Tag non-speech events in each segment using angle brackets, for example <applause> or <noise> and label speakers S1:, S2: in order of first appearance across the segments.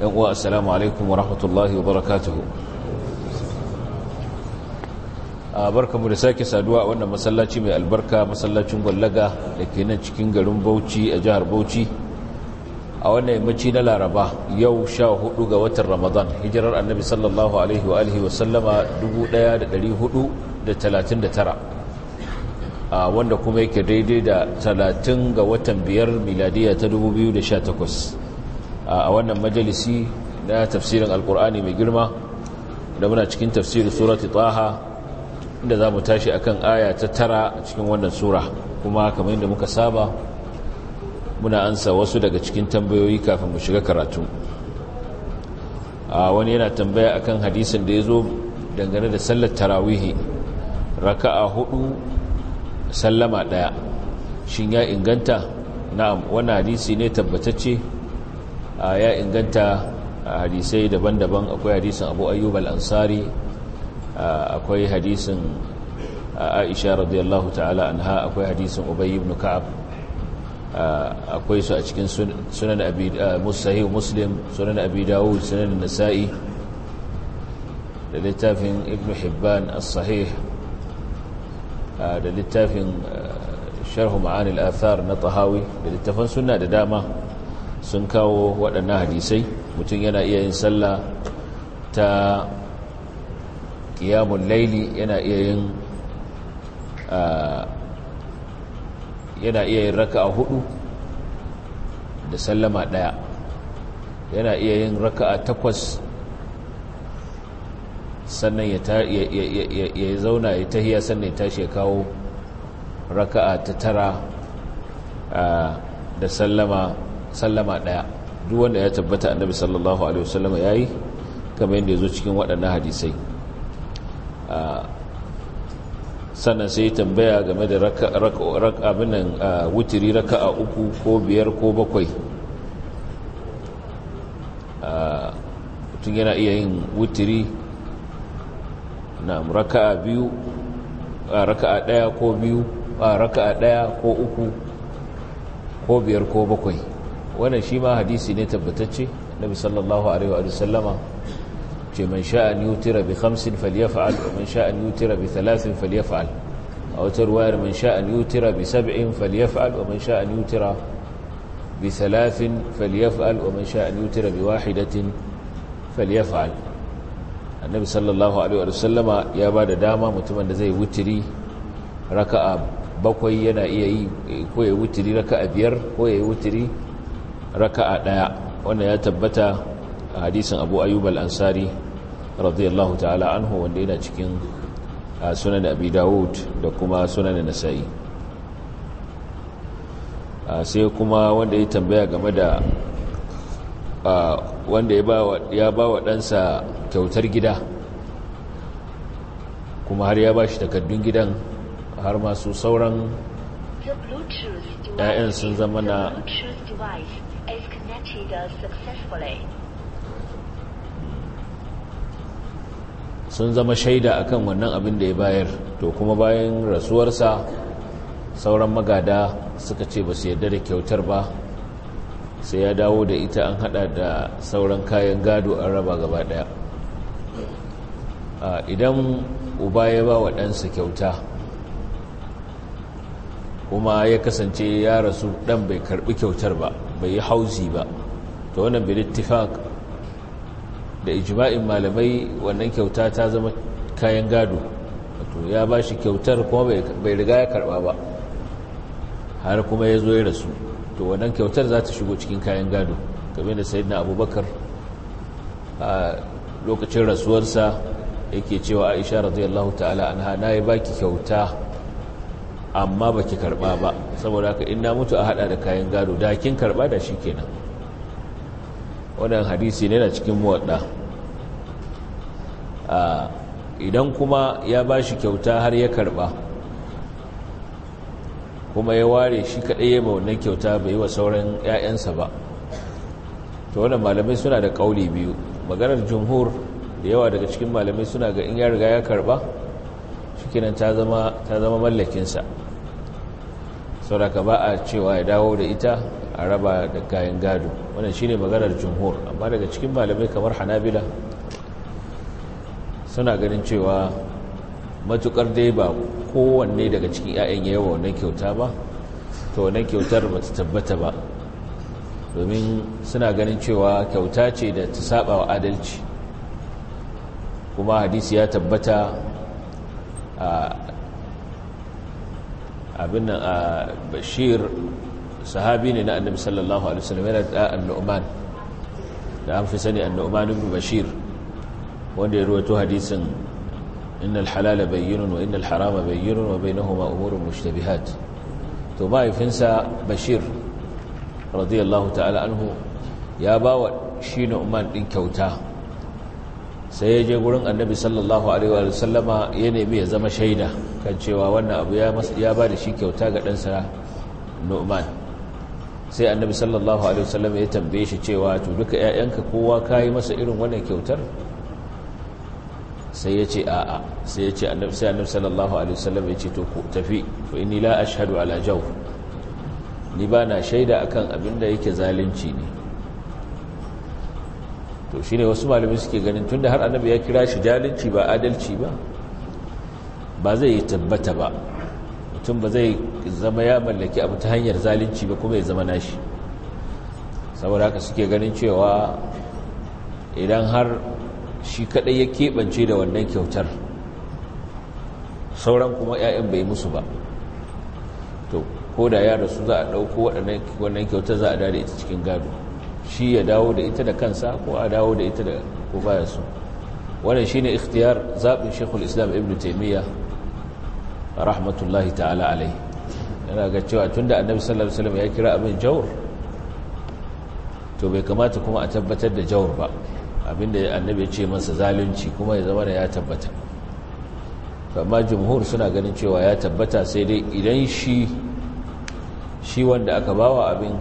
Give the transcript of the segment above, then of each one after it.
S1: yan uwa assalamu alaikum wa rahmatullahi wa barakatuhu a mu da sake saduwa a wannan masallaci mai albarka masallacin gwallaga da ke nan cikin garin bauchi a jihar bauchi a wannan yammaci na laraba yau sha hudu ga watan ramadan hijirar annabi sallallahu alaihi wa alihi wasallama 1439 a wanda kuma yake daidai da 30 ga watan biyar miladiya ta 2018 a wannan majalisi na tafsirin alkur'ani mai girma da muna cikin tafsirin surati taha inda za mu tashi akan aya ta tara a cikin wannan sura kuma kamar yadda muka saba muna ansa wasu daga cikin tambayoyi kafin mu shiga karatu a wani yana tambaya akan hadisin da ya zo dangane da sallar tarawihi raka'a hudu sallama daya shin ya inganta na'am wani hadisi ne tabbatacce Ah, ya inganta ah, hadisai daban-daban akwai hadisin abu ayyub al-ansari ah, akwai hadisin aisha radiyallahu ta'ala anha akwai hadisin ubay ibn ka'ab akwai su a cikin sunan abi musahih muslim sunan abi dawud sunan nasa'i da littafin ibn hibban as-sahih da littafin sharh ma'ani al na tahawi da littafin sunna da dama sun kawo waɗannan hadisai mutum yana iya yin sallah ta ƙiyamun laili yana iya yin yana iya yin raka a hudu da sallama ɗaya yana iya yin raka a takwas sannan ya zauna ya tahiya sannan ya tashi ya kawo raka'a ta tara da sallama sallama daya duk wanda ya tabbata annabi sallallahu alaihi wasallam yayi kamar yadda yazo cikin waɗannan hadisai sannan sai tambaya game da abin nan wutiri raka'a uku ko biyar ko bakwai tun yana iya yin wutiri na raka'a biyu raka'a daya ko biyu raka'a daya ko uku ko biyar ko bakwai wannan shi ma hadisi ne tabbatacce nabi sallallahu alaihi wa sallama ce man sha'a yutira bi khamsin falyaf'al wa man sha'a yutira bi thalathin falyaf'al a wata ruwayar man sha'a yutira bi sab'in falyaf'al wa man sha'a yutira bi thalathin falyaf'al wa man sha'a yutira bi wahidatin falyaf'al annabi sallallahu alaihi wa sallama ya ba da dama mutumin da zai wutiri raka'a bakwai yana iya yi ko ya wutiri raka'a biyar ko ya wutiri raka'a daya wanda ya tabbata a hadisin abu ayyub al-ansari radiyallahu ta'ala anhu wanda yana cikin sunan abi dawud da kuma sunan nasa'i sai kuma wanda ya tambaya game da wanda ya ba wa ɗansa kyautar gida kuma har ya ba shi takaddun gidan har masu sauran 'ya'yan sun zama na sun zama shaida akan wannan abin da ya bayar to kuma bayan rasuwarsa sauran magada suka ce ba su yarda da kyautar ba sai ya dawo da ita an hada da sauran kayan gado an raba gaba daya idan uba ya ba wa ɗansa kyauta kuma ya kasance ya rasu ɗan bai karɓi kyautar ba bai yi hauzi ba ta wannan bil da ijma'in malamai wannan kyauta ta zama kayan gado wato ya bashi kyautar kuma bai riga ya karba ba har kuma ya zo ya rasu to wannan kyautar za ta shigo cikin kayan gado game da na abubakar a lokacin rasuwarsa yake cewa aisha radiyallahu ta'ala anha na ya baki kyauta amma baki karba ba saboda haka in mutu a hada da kayan gado da kin karba da shi kenan wannan hadisi ne na cikin muwadda idan kuma ya ba shi kyauta har ya karba kuma ya ware shi kaɗai ya wannan kyauta bai yi wa sauran 'ya'yansa ba to wannan malamai suna da ƙauli biyu maganar jumhur da yawa daga cikin malamai suna ga in ya riga ya karba shi kinan ta zama mallakinsa sauraka ba a cewa ya dawo da ita a raba da kayan gado wannan shine maganar jumhur amma daga cikin malamai kamar hanabila suna ganin cewa matukar dai ba kowanne daga cikin 'ya'yan ya yawa wannan kyauta ba to wannan kyautar ba ta tabbata ba domin suna ganin cewa kyauta ce da ta saba wa adalci kuma hadisi ya tabbata a abin nan a bashir sahabi ne na annabi sallallahu alaihi wasallam yana da annu'man da an fi sani annu'man ibn bashir wanda ya ruwaito hadisin innal halala bayyinun wa innal harama bayyinun wa bainahuma umurun mushtabihat to mahaifinsa bashir radiyallahu ta'ala anhu ya bawa shi nu'man din kyauta sai ya je gurin annabi sallallahu alaihi wa sallama ya nemi ya zama shaida kan cewa wannan abu ya ba da shi kyauta ga ɗansa nu'man sai annabi sallallahu alaihi wasallam ya tambaye shi cewa to duka ƴaƴanka kowa kai masa irin wannan kyautar sai ya ce a'a sai ya annabi sai annabi sallallahu alaihi wasallam ya ce to ku tafi fa inni la ashhadu ala jaw ni ba na shaida akan abinda yake zalunci ne to shine wasu malamai suke ganin tunda har annabi ya kira shi zalunci ba adalci ba ba zai tabbata ba mutum ba zai zama ya mallaki abu ta hanyar zalunci ba kuma ya zama nashi saboda haka suke ganin cewa idan har shi kadai ya keɓance da wannan kyautar sauran kuma 'ya'yan bai musu ba to ko da yara su za a ɗauko wannan kyautar za a da ita cikin gado shi ya dawo da ita da kansa ko a dawo da ita da ko ya so wannan shine ikhtiyar zaɓin shekul islam ibn taimiyya rahmatullahi ta'ala alai yana ga cewa tunda annabi sallallahu alaihi wasallam ya kira abin jawr to bai kamata kuma a tabbatar da jawr ba abinda annabi ya ce masa zalunci kuma ya zama da ya tabbata amma jumhur suna ganin cewa ya tabbata sai dai idan shi shi wanda aka bawa abin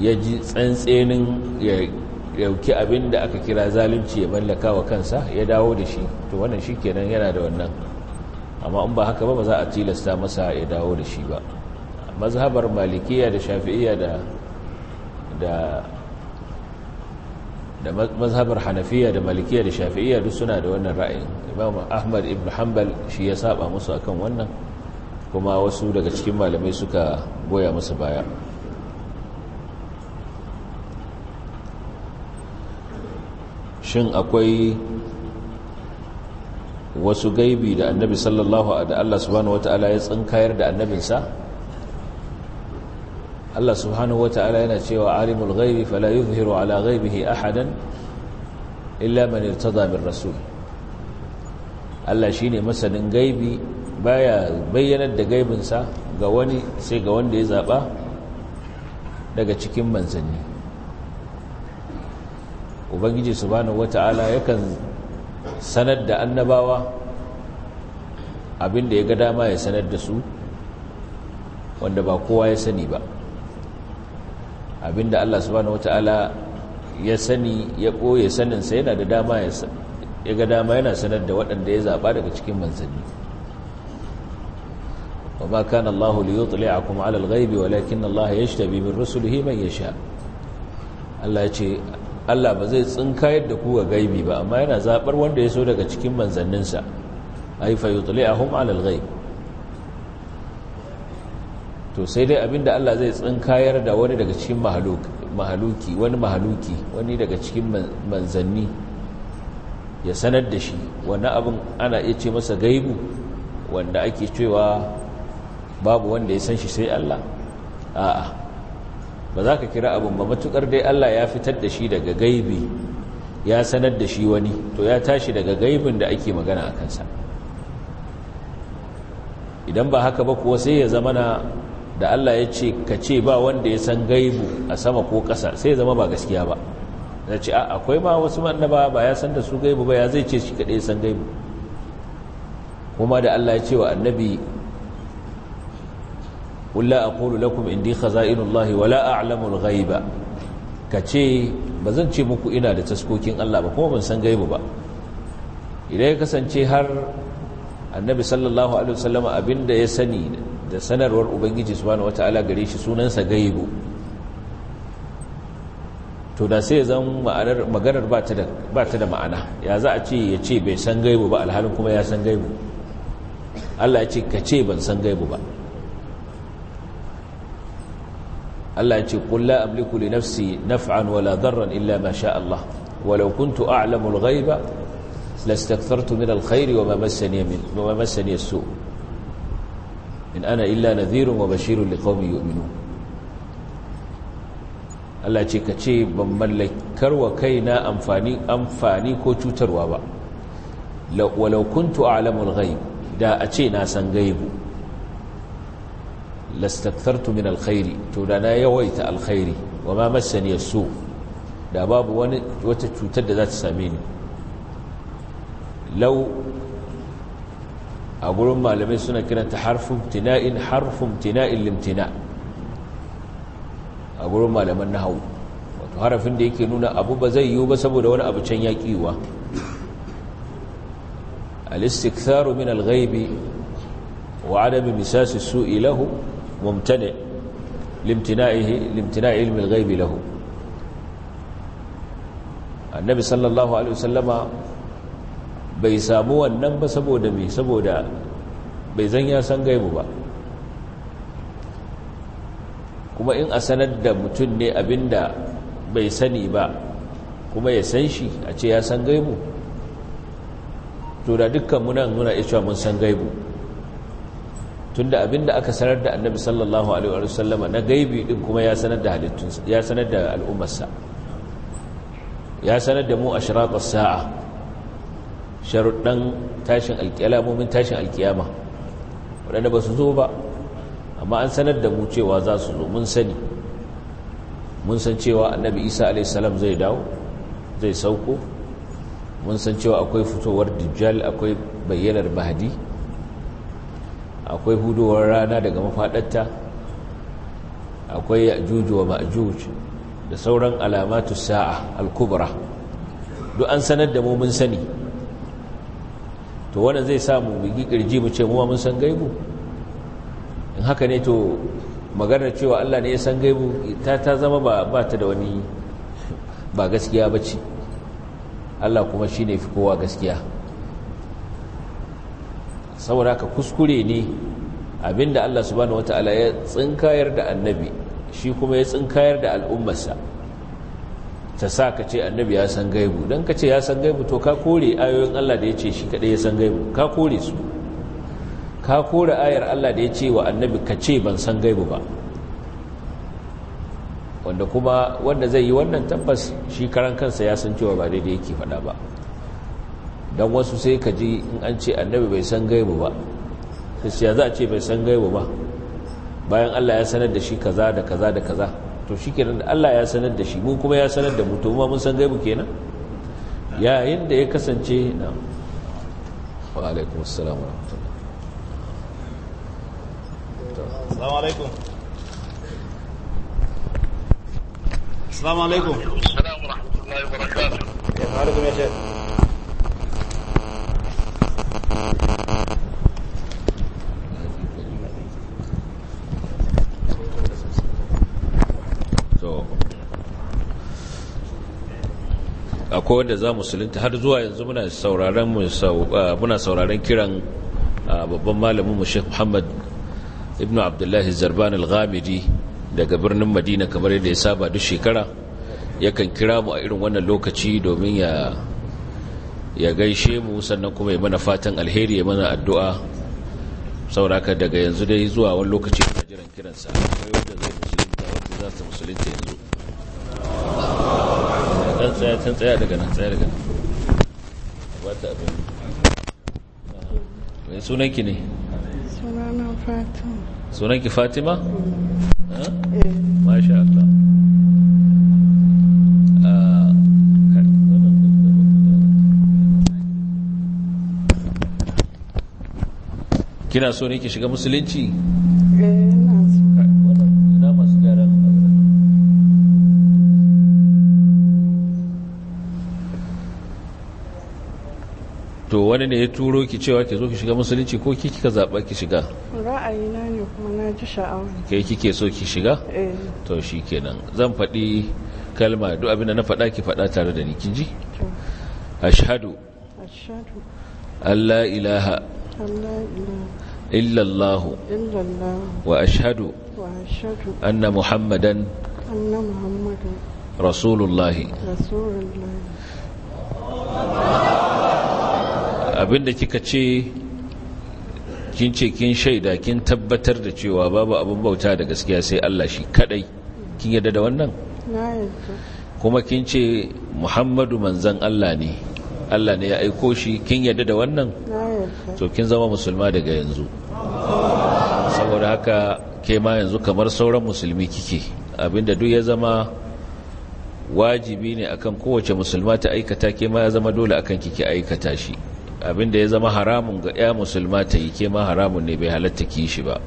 S1: ya ji tsantsenin ya yauki abin da aka kira zalunci ya mallaka wa kansa ya dawo da shi to wannan shi kenan yana da wannan amma in ba haka ba ba za a tilasta masa ya dawo da shi ba mazhabar malikiya da shafi'iyya da da da mazhabar hanafiya da malikiya da shafi'iyya duk suna da wannan ra'ayin imam ahmad ibn hanbal shi ya saba musu akan wannan kuma wasu daga cikin malamai suka goya musu baya shin akwai wasu gaibi da annabi sallallahu da Allah subhanahu wata'ala ya tsinkayar da annabinsa Allah subhanahu wata'ala yana cewa alimul ghaibi fala yuzhiru ala ghaibihi ahadan illa man irtada min rasul Allah shine masanin gaibi baya bayyanar da gaibinsa ga wani sai ga wanda ya zaba daga cikin manzanni ubangiji subhanahu wata'ala yakan sanar da annabawa abinda ya ga dama ya sanar da su wanda ba kowa ya sani ba abin da Allah subhanahu wata'ala ya sani ya ɓoye saninsa yana da dama ya ga dama yana sanar da waɗanda ya zaɓa daga cikin manzanni وما كان الله ليطلعكم على الغيب ولكن الله يجتبي من رسله Allah ya ce Allah ba zai tsinkayar da ku gaibi ba amma yana zabar wanda ya so daga cikin manzanninsa ai fa yutli'ahum 'ala ghaib to sai dai abinda Allah zai tsinkayar da wani daga cikin mahaluki wani mahaluki wani daga cikin manzanni ya sanar da shi wani abin ana iya ce masa gaibu wanda ake cewa babu wanda ya san shi sai Allah a'a ba za ka kira abin ba matukar dai Allah ya fitar da shi daga gaibi ya sanar da shi wani to ya tashi daga gaibin da ake magana a kansa idan ba haka ba kuwa sai ya zama da Allah ya ce ka ce ba wanda ya san gaibu a sama ko ƙasa sai ya zama ba gaskiya ba na ce akwai ma wasu mannaba ba ya san da su gaibu ba ya zai ce shi kaɗai san gaibu kuma da Allah ya ce wa annabi qul la aqulu lakum indi khaza'inullahi wa la a'lamu al-ghaiba kace ce muku ina da taskokin Allah ba kuma ban san gaibu ba idan ya kasance har annabi sallallahu alaihi wasallam abinda ya sani da sanarwar ubangiji subhanahu wataala gare shi sunansa gaibu to da sai zan ma'anar maganar ba ta da ba ta da ma'ana ya za a ce ya ce bai san gaibu ba alhalin kuma ya san gaibu Allah ya ce ka ce ban san gaibu ba Allah ce qul la amliku li nafsi naf'an wala dharran illa ma sha Allah walau kuntu a'lamu al-ghaiba lastakthartu min al-khairi wama massani min wama massani as-su in ana illa nadhirun wa bashirun liqaumin yu'minun Allah ce kace ce ban mallakar wa kaina amfani amfani ko cutarwa ba walau kuntu a'lamu al-ghaib da a ce na san gaibu lastakthartu min alkhairi to da na yawaita alkhairi wa ma massani yasu da babu wani wata cutar da za ta same ni law a gurin malamai suna kiranta harfin tina'in harfin tina'in limtina a gurin malaman hau wato harafin da yake nuna abu ba zai yiwu ba saboda wani abu can ya kiwa al-istiktaru min al-ghaibi wa adami misasi su'i lahu ممتنع لامتنائه limtina'i علم الغيب له lahu annabi الله عليه وسلم bai samu wannan ba saboda me saboda bai zan ya san gaibu ba kuma in a sanar da mutum ne abinda bai sani ba kuma ya san shi a ce ya san gaibu to da dukkan munan muna iya mun san gaibu tunda abinda aka sanar da annabi sallallahu alaihi wa sallama na gaibi din kuma ya sanar da halittunsa ya sanar da al'ummarsa ya sanar da mu ashraqas sa'a sharuddan tashin alkiyama tashin alkiyama wadanda ba su zo ba amma an sanar da mu cewa za su zo mun sani mun san cewa annabi isa alaihi salam zai dawo zai sauko mun san cewa akwai fitowar dijjal akwai bayyanar mahdi akwai hudowar rana daga mafaɗarta akwai ya'juj wa ma'juj da sauran alamatu sa'a al duk an sanar da mu mun sani to wanda zai samu bigi kirji mu ce mu mun san gaibu in haka ne to maganar cewa Allah ne ya san gaibu ta ta zama ba ba ta da wani ba gaskiya bace Allah kuma shine fi kowa gaskiya saboda ka kuskure ne abinda Allah subhanahu wataala ya tsinkayar da annabi shi kuma ya tsinkayar da al'ummarsa ta sa ka ce annabi ya san gaibu don ka ce ya san gaibu to ka kore ayoyin Allah da ya ce shi kaɗai ya san gaibu ka kore su ka kore ayar Allah da ya ce wa annabi ka ce ban san gaibu ba wanda kuma wanda zai yi wannan tabbas shi karan kansa ya san cewa ba daidai yake faɗa ba don wasu sai ka ji in an ce annabi bai san gaibu ba shi ya za a ce bai san gaibu ba bayan Allah ya sanar da shi kaza da kaza da kaza to shi kenan da Allah ya sanar da shi mu kuma ya sanar da mu to mun san gaibu kenan yayin da ya kasance na wa alaikum assalam wa rahmatullah
S2: assalamu alaikum assalamu alaikum assalamu alaikum wa rahmatullahi wa barakatuh ya alaikum ya shaykh
S1: akwai wanda za musulunta har zuwa yanzu muna sauraron uh, kiran uh, babban malamin mu Sheikh Muhammad ibn Abdullahi Zarban al-Ghamidi daga birnin Madina kamar yadda ya saba duk shekara yakan kira mu a irin wannan lokaci domin ya ya gaishe mu sannan kuma ya mana fatan alheri ya mana addu'a sauraka daga yanzu dai zuwa wani lokaci da jiran kiran sa akwai wanda zai musulunta wanda za su musulunta yanzu ɗan tsaya can tsaya daga nan tsaya daga nan ba ta abin mai sunanki ne sunanki fatima? Mm-hmm. Eh. masha kina so ne ki shiga musulunci eh, to wani ne ya turo ki cewa ki zo ki shiga musulunci ko ki kika zaɓa ki shiga
S3: ra'ayina ne kuma na ji sha'awa
S1: kai kike so ki shiga eh. to shi kenan zan faɗi kalma duk abinda na faɗa ki faɗa tare da ni kin ji ashadu Allah ilaha
S3: ilaha
S1: إلا الله وأشهد أن محمدا رسول الله abinda kika ce kin ce kin shaida kin tabbatar da cewa babu abin bauta da gaskiya sai Allah shi kadai kin yadda da wannan kuma kin ce Muhammadu manzan Allah ne Allah ne ya aiko shi kin yadda da wannan to kin zama musulma daga yanzu saboda haka ke ma yanzu kamar sauran musulmi kike abinda duk ya zama wajibi ne akan kowace musulma ta aikata ke ma ya zama dole akan kike aikata shi abinda ya zama haramun ga ya musulma ta yi ke ma haramun ne bai halatta ki shi ba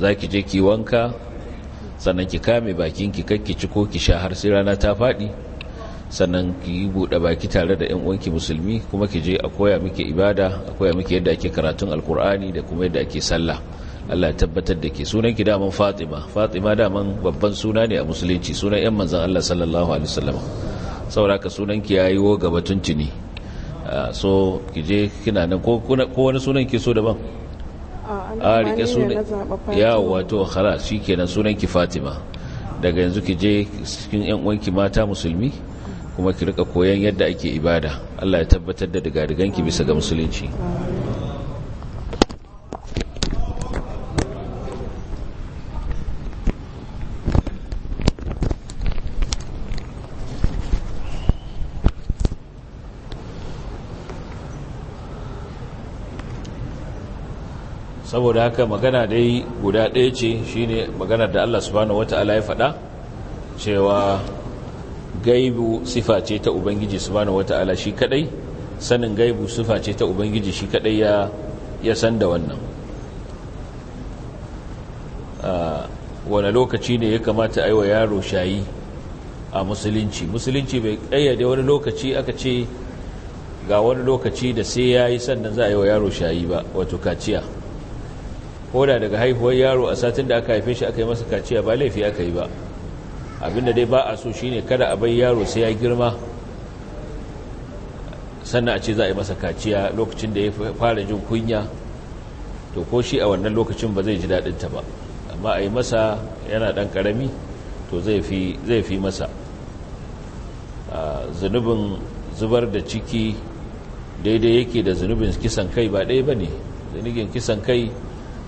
S1: za ki je ki wanka sannan ki kame bakin ki kakki ci ko ki sha har sai rana ta faɗi sannan ki yi buɗe baki tare da 'yan uwanki musulmi kuma ki je a koya miki ibada a koya miki yadda ake karatun alkur'ani da kuma yadda ake sallah Allah ya tabbatar da ke sunan ki daman Fatima Fatima daman babban suna ne a musulunci sunan 'yan manzan Allah sallallahu alaihi wasallam saboda ka sunan ki yi wo gaba tuntuni ah, so ki je kina nan ko wani sunan ki so daban a ah, ah, rike sunan ya wato khalas shikenan sunan ki Fatima daga yanzu ki je cikin 'yan uwanki mata musulmi kuma ki rika koyon yadda ake ibada Allah ya tabbatar da digadiganki bisa ga musulunci saboda haka magana da dai guda ɗaya ce shine maganar da Allah subhanahu wata'ala ya faɗa cewa gaibu sifa ce ta ubangiji subhanahu wata'ala shi kadai sanin gaibu sifa ce ta ubangiji shi kadai ya ya san da wannan ah, wani lokaci ne ya kamata aiwa yaro shayi a musulunci musulunci bai kayyade wani lokaci aka ce ga wani lokaci da sai ya yi sannan za a yi wa yaro shayi ba wato kaciya ko da daga haihuwar yaro a satin da aka haife shi aka yi masa kaciya ba laifi aka yi ba abinda dai ba a so shine kada a bai yaro sai ya girma sannan a ce za a yi masa kaciya lokacin da ya fara jin kunya to ko shi a wannan lokacin ba zai ji ta ba amma a yi masa yana ɗan ƙarami to zai fi masa zunubin zubar da ciki daidai yake da zunubin kisan kai ba ɗaya ba ne zunubin kisan kai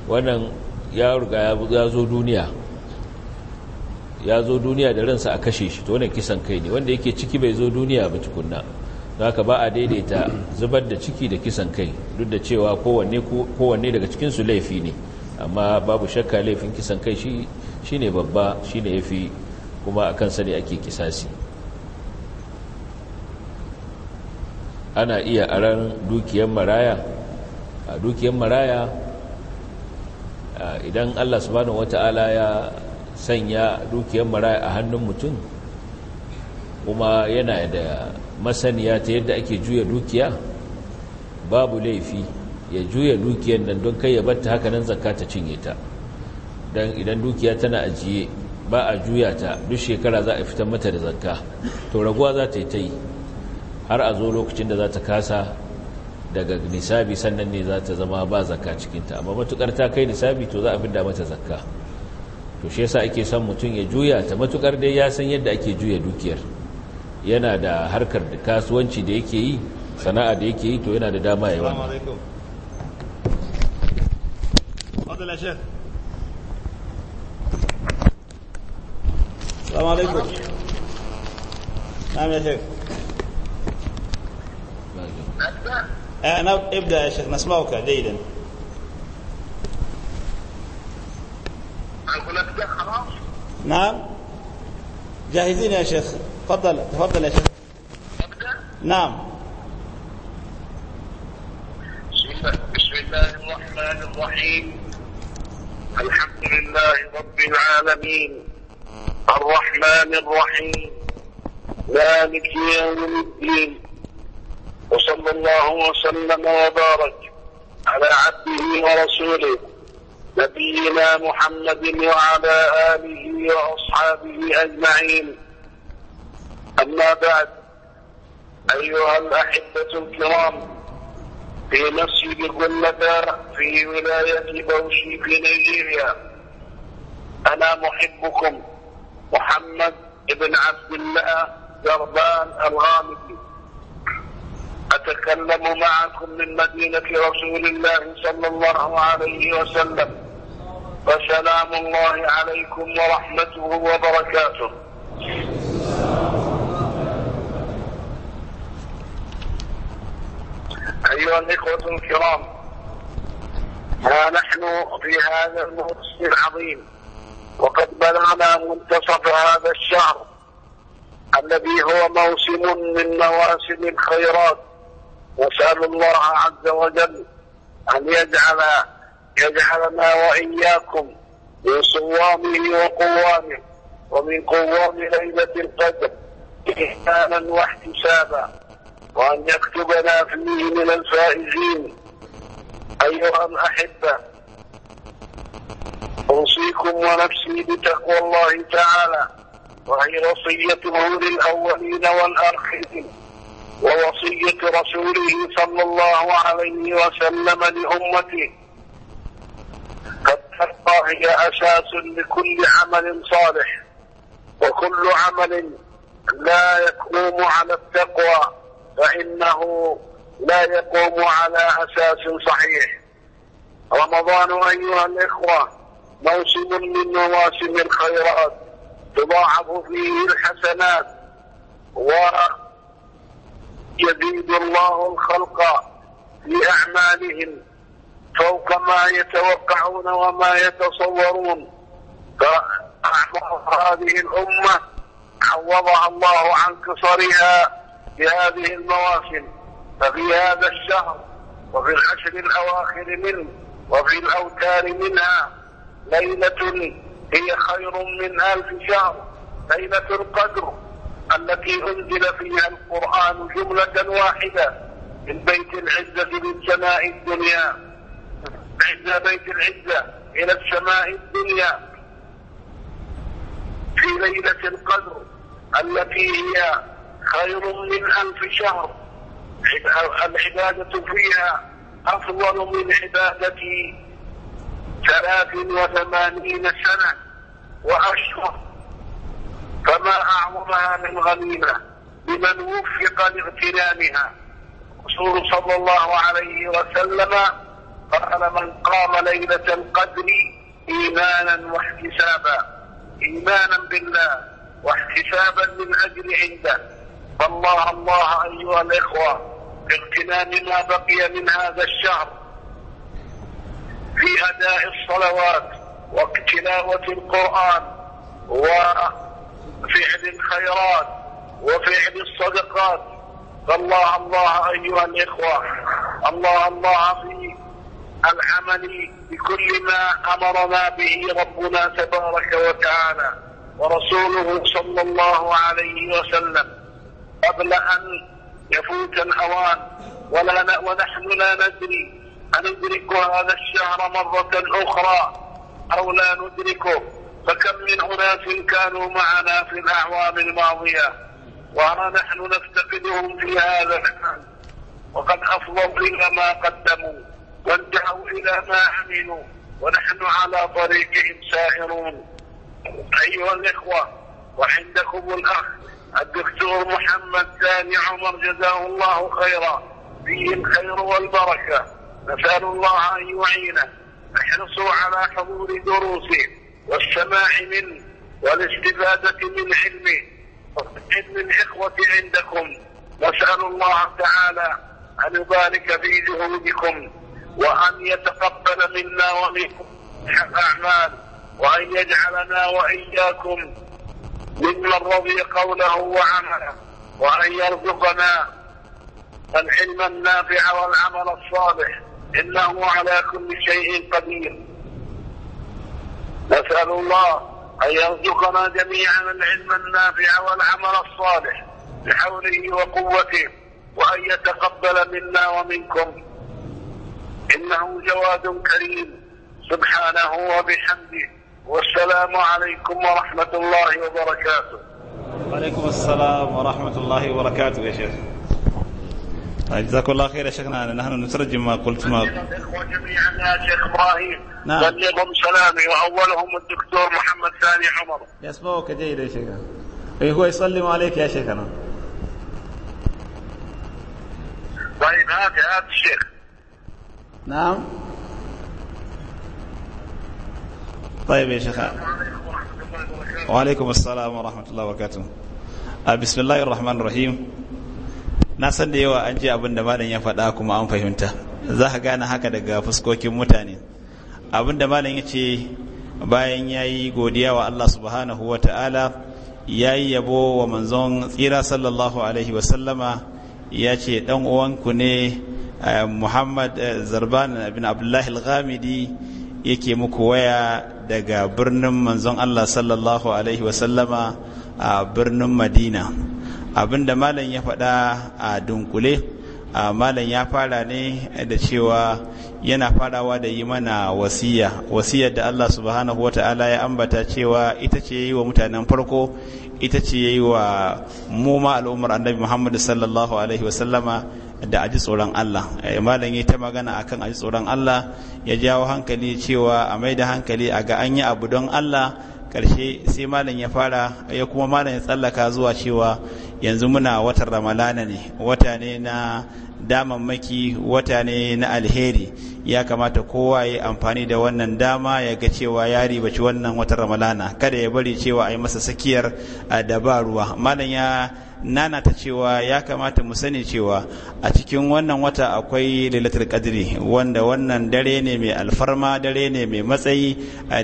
S1: wannan ya riga ya zo duniya ya zo duniya da ransa a kashe shi to wannan kisan kai ne wanda yake ciki bai zo duniya ba tukunna ka ba a daidaita zubar da ciki da kisan kai duk da cewa kowanne daga cikinsu laifi ne amma babu shakka laifin kisan kai shi ne babba shi ne yafi kuma akan kansa ne ake kisasi ana iya aran dukiyar maraya a dukiyar maraya idan Allah subhanahu wata'ala ya sanya dukiyar maraya a hannun mutum kuma yana da masaniya ta yadda ake juya dukiya babu laifi ya juya dukiyar nan don kai ya batta haka nan zakka ta cinye ta don idan dukiya tana ajiye ba a juya ta duk shekara za a fita mata da zakka to raguwa za ta yi ta yi har a zo lokacin da za ta kasa daga nisabi sannan ne za ta zama ba zakka cikinta amma matukar ta kai nisabi to za a fi da mata zakka to shi yasa ake son mutum ya juya ta matukar dai ya san yadda ake juya dukiyar yana da harkar da kasuwanci da yake yi sana'a da yake yi to yana da dama ya
S2: wannan أقول نعم جاهزين يا شيخ تفضل تفضل يا شيخ نعم
S3: بسم الله الرحمن الرحيم الحمد لله رب العالمين الرحمن الرحيم مالك يوم الدين وصلى الله وسلم وبارك على عبده ورسوله نبينا محمد وعلى آله وأصحابه أجمعين أما بعد أيها الأحبة الكرام في مسجد الغلة في ولاية بوشي في نيجيريا أنا محبكم محمد بن عبد الله دربان الغامدي أتكلم معكم من مدينة رسول الله صلى الله عليه وسلم وسلام الله عليكم ورحمته وبركاته أيها الإخوة الكرام ها نحن في هذا الموسم العظيم وقد بلغنا منتصف هذا الشهر الذي هو موسم من مواسم الخيرات نسأل الله عز وجل أن يجعل يجعلنا وإياكم من صوامه وقوامه ومن قوام ليلة القدر إحسانا واحتسابا وأن يكتبنا فيه من الفائزين أيها الأحبة أوصيكم ونفسي بتقوى الله تعالى وهي وصية هود الأولين والآخرين ووصية رسوله صلى الله عليه وسلم لأمته التقوى هي أساس لكل عمل صالح وكل عمل لا يقوم على التقوى فإنه لا يقوم على أساس صحيح رمضان أيها الإخوة موسم من مواسم الخيرات تضاعف فيه الحسنات ويزيد الله الخلق في أعمالهم فوق ما يتوقعون وما يتصورون فأعمار هذه الأمة عوضها الله عن قصرها بهذه المواسم ففي هذا الشهر وفي العشر الأواخر منه وفي الأوتار منها ليلة هي خير من ألف شهر ليلة القدر التي أنزل فيها القرآن جملة واحدة من بيت العزة للسماء الدنيا عند بيت العزة إلى السماء الدنيا في ليلة القدر التي هي خير من ألف شهر العبادة فيها أفضل من عبادة ثلاث وثمانين سنة وأشهر فما أعظمها من غنيمة لمن وفق لاغتنامها الرسول صلى الله عليه وسلم قال من قام ليلة القدر إيمانا واحتسابا إيمانا بالله واحتسابا من أجل عنده فالله الله أيها الإخوة اغتنام ما بقي من هذا الشهر في أداء الصلوات وتلاوة القرآن وفعل الخيرات وفعل الصدقات فالله الله أيها الإخوة الله الله في العمل بكل ما امرنا به ربنا تبارك وتعالى ورسوله صلى الله عليه وسلم قبل ان يفوت الاوان ولا ونحن لا ندري أن ندرك هذا الشهر مرة أخرى أو لا ندركه فكم من أناس كانوا معنا في الأعوام الماضية وأنا نحن نفتقدهم في هذا الحال وقد أفضوا إلى ما قدموا وادعوا إلى ما عملوا ونحن على طريقهم ساهرون أيها الإخوة وعندكم الأخ الدكتور محمد ثاني عمر جزاه الله خيرا فيه الخير والبركة نسأل الله أن يعينه احرصوا على حضور دروسه والسماع منه والاستفادة من علمه وفقد الإخوة عندكم نسأل الله تعالى أن يبارك في جهودكم وأن يتقبل منا ومنكم الأعمال وأن يجعلنا وإياكم ممن رضي قوله وعمله وأن يرزقنا العلم النافع والعمل الصالح إنه على كل شيء قدير نسأل الله أن يرزقنا جميعا العلم النافع والعمل الصالح بحوله وقوته وأن يتقبل منا ومنكم إنه جواد كريم سبحانه وبحمده والسلام عليكم ورحمة الله وبركاته
S2: وعليكم السلام ورحمة الله وبركاته يا شيخ جزاك الله خير يا شيخنا نحن نترجم ما قلت ما
S3: الاخوه جميعا يا شيخ ابراهيم نعم بلغهم سلامي واولهم الدكتور محمد ثاني عمر
S2: يسمعوك جيد يا شيخنا اي هو يسلم عليك يا شيخنا
S3: طيب هات هات الشيخ نعم
S2: طيب يا شيخ وعليكم السلام ورحمة الله وبركاته بسم الله الرحمن الرحيم na san da yawa an ji abin da malam ya faɗa kuma an fahimta za ka gane haka daga fuskokin mutane abin da malam ya ce bayan ya yi godiya wa Allah subhanahu wa ta'ala ya yi yabo wa manzon tsira sallallahu alaihi wasallama ya ce ɗan uwanku ne Eh, muhammad eh, zarban bin abdullahi al-ghamidi yake muku waya daga birnin manzon allah sallallahu alaihi wasallama a birnin madina abinda malam ya faɗa a dunkule malam ya fara ne da cewa yana farawa da yi mana wasiya wasiyar da Allah subhanahu wa ta'ala ya ambata cewa ita ce yi wa mutanen farko ita ce yi wa mu al'ummar annabi Muhammad sallallahu alaihi wasallama da aji tsoron Allah eh, malam ya ta magana akan aji tsoron Allah ya jawo hankali cewa a mai da hankali a ga an yi abu don Allah karshe sai malam ya fara ya kuma malam ya tsallaka zuwa cewa yanzu muna watan ramalana ne wata ne na damammaki wata ne na alheri ya kamata kowa ya amfani da wannan dama ya ga cewa ya ribaci wannan watan ramalana kada ya bari cewa a yi masa sakiyar da ba ruwa malam ya nana ta cewa ya kamata mu sani cewa a cikin wannan wata akwai lailatul qadri wanda wannan dare ne mai alfarma dare ne mai matsayi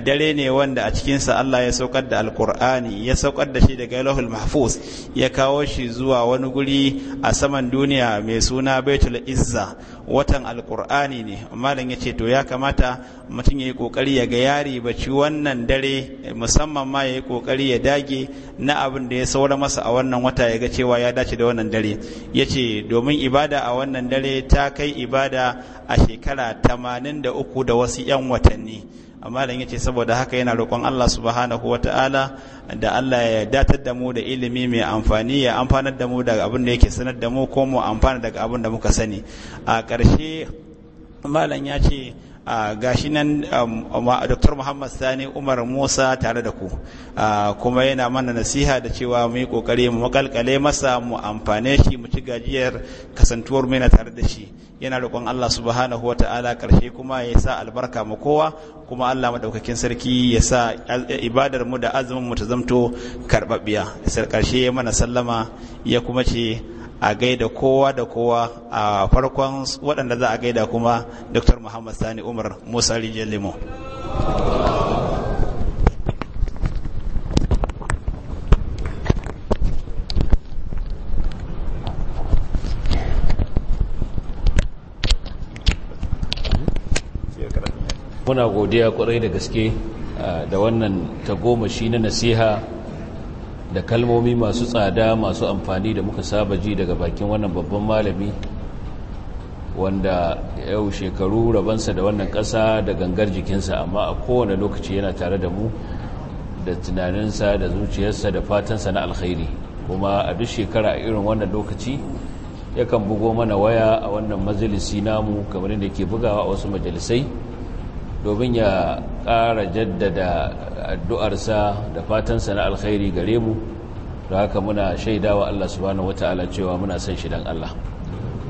S2: dare ne wanda a cikin sa Allah ya saukar da alqur'ani ya saukar da shi daga lahul mahfuz ya kawo shi zuwa wani guri a saman duniya mai suna baitul izza watan alkur'ani ne malam ya ce to ya kamata mutum ya yi kokari ya ga yari bacci wannan dare musamman ma ya yi kokari ya dage na abin da ya saura masa a wannan wata ya ga cewa ya dace da wannan dare ya ce domin ibada a wannan dare ta kai ibada a shekara tamanin da uku da wasu 'yan watanni amma da yace saboda haka yana roƙon Allah subhanahu wata'ala da Allah ya datar da mu da ilimi mai amfani ya amfanar da mu daga abin da yake sanar da mu ko mu amfana daga abin da muka sani a ƙarshe malam ya ce gashi nan um, dr muhammad sani umar musa tare da ku kuma yana mana nasiha da cewa mu yi kokari mu makalkale masa mu amfane shi mu ci gajiyar kasantuwar mai na tare da shi yana roƙon allah subhanahu wa ta'ala karshe kuma ya sa albarka mu kowa kuma allah maɗaukakin sarki ya sa ibadar mu da azumin mu ta zamto karɓaɓɓiya karshe ya mana sallama ya kuma ce a gaida kowa da kowa a farkon waɗanda za a gaida kuma dr muhammad sani umar musa rijiyar limo
S1: muna godiya kwarai da gaske da wannan tagomashi na nasiha da kalmomi masu tsada masu amfani da muka saba ji daga bakin wannan babban malami wanda yau shekaru rabansa da wannan ƙasa da gangar jikinsa amma a kowane lokaci yana tare da mu da tunaninsa da zuciyarsa da fatansa na alkhairi kuma a duk shekara a irin wannan lokaci yakan bugo mana waya a wannan majalisi namu kamar da ke bugawa a wasu majalisai domin ya ƙara jaddada addu'arsa da fatansa na alkhairi gare mu da haka muna shaidawa Allah subhanahu wata'ala cewa muna son shi dan Allah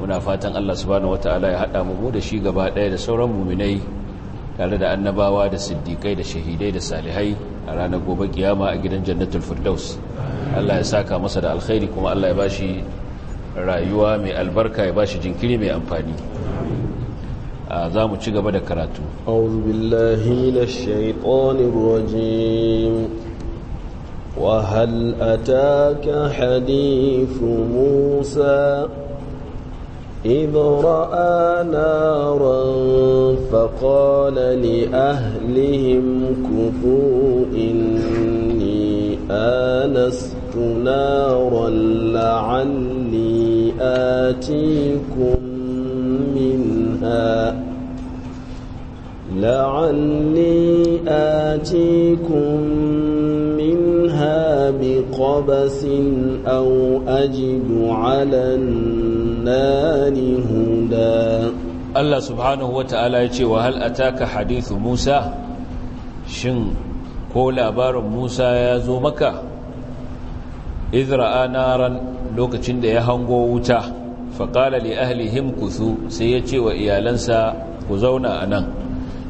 S1: muna fatan Allah subhanahu wata'ala ya haɗa mu da shi gaba ɗaya da sauran muminai tare da annabawa da siddiƙai da shahidai da salihai a ranar gobe kiyama a gidan jannatul firdaus Allah ya saka masa da alkhairi kuma Allah ya bashi rayuwa mai albarka ya bashi jinkiri mai amfani za mu ci gaba da karatu a'udhu
S2: billahi minash shaitanir rajim wa hal musa إذ رأى نارا فقال لأهلهم كفوا إني آنست نارا لعلي آتيكم منها لعلي آتيكم منها بقبس أو أجد على النار
S1: هدى الله سبحانه وتعالى يقول وهل أتاك حديث موسى شن قول أبار موسى يا زومك إذ رأى نارا لوكتشن يهنغو وتاه faƙala li ahlihim kusu sai ya ce wa iyalansa ku zauna a nan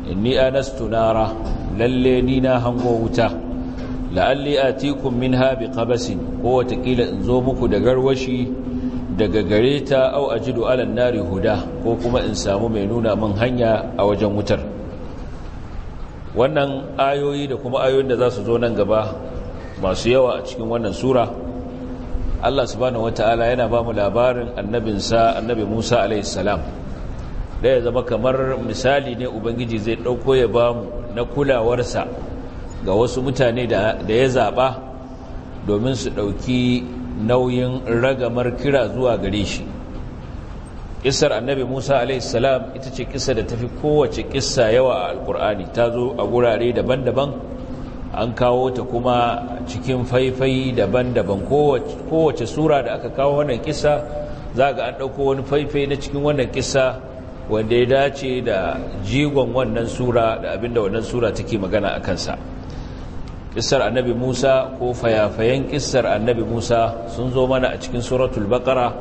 S1: inni nastu nara lalle ni na hango wuta la'alli a min haɓi ƙabasin ko watakila in zo muku da garwashi daga gare ta au ji ala nari huda ko kuma in samu mai nuna min hanya a wajen wutar wannan ayoyi da kuma ayoyin da za su zo nan gaba masu yawa a cikin wannan sura Allah subhanahu wataala yana ba mu labarin annabinsa annabi Musa alaihi salam da ya zama kamar misali ne ubangiji zai ɗauko ya ba mu na kulawarsa ga wasu mutane da ya zaɓa domin su ɗauki nauyin ragamar kira zuwa gare shi Kisar annabi Musa alaihi salam ita ce kissa da tafi kowace kissa yawa a alkur'ani ta zo a gurare daban-daban an kawo ta kuma cikin faifai daban-daban kowace sura da aka kawo wannan kisa za ga an ɗauko wani faifai na cikin wannan kisa wanda ya dace da jigon wannan sura da abinda wannan sura take magana a kansa Kisar annabi musa ko fayafayen kisar annabi musa sun zo mana a cikin suratul baqara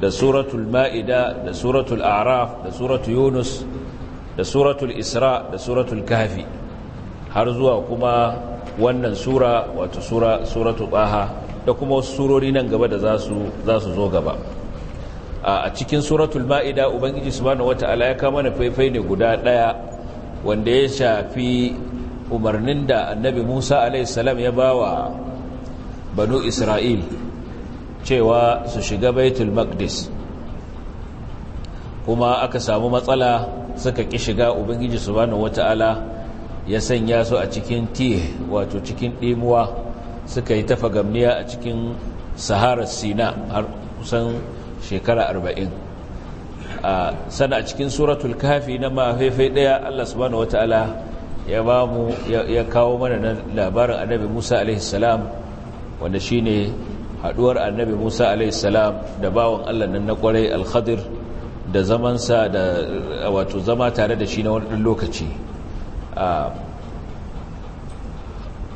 S1: da suratul ma'ida da suratul a'raf da suratul yunus da suratul isra da suratul Kafi. har zuwa kuma wannan sura wato sura suratu baha da kuma wasu surori nan gaba da za su zo gaba a cikin suratul ma'ida ubangiji subhanahu wata'ala ya kama na faifai ne guda daya wanda ya shafi umarnin da annabi musa salam ya ba wa banu isra'il cewa su shiga baitul maqdis kuma aka samu matsala suka ki shiga ubangiji subhanahu wata'ala ya sanya su a cikin tih wato cikin ɗimuwa suka yi tafa gamniya a cikin sahara sina har kusan shekara arba'in a sana a cikin suratul kafi na mafaifai ɗaya allah subhanahu wata'ala ya ba mu ya kawo mana na labarin annabi musa alaihissalam wanda shine haɗuwar annabi musa alaihissalam da bawan allah nan na kwarai alkhadir da zamansa da wato zama tare da shi na wani lokaci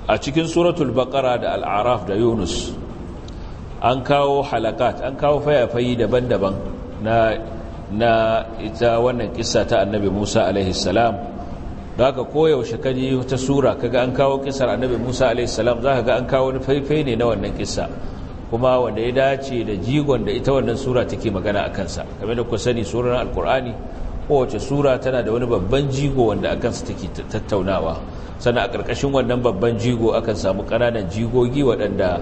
S1: a cikin suratul baqara da al'araf da yunus an kawo halakat an kawo fayafayi daban-daban na na ita wannan kisa ta annabi musa alaihi salam da ka koyaushe kaji ta sura kaga an kawo kisar annabi musa alaihi salam za ka ga an kawo wani faifai ne na wannan kisa? kuma wanda ya dace da jigon da ita wannan sura take magana a kansa game da ku sani surar alkur'ani kowace sura tana da wani babban jigo wanda akan su take tattaunawa sannan a ƙarƙashin wannan babban jigo akan samu ƙananan jigogi waɗanda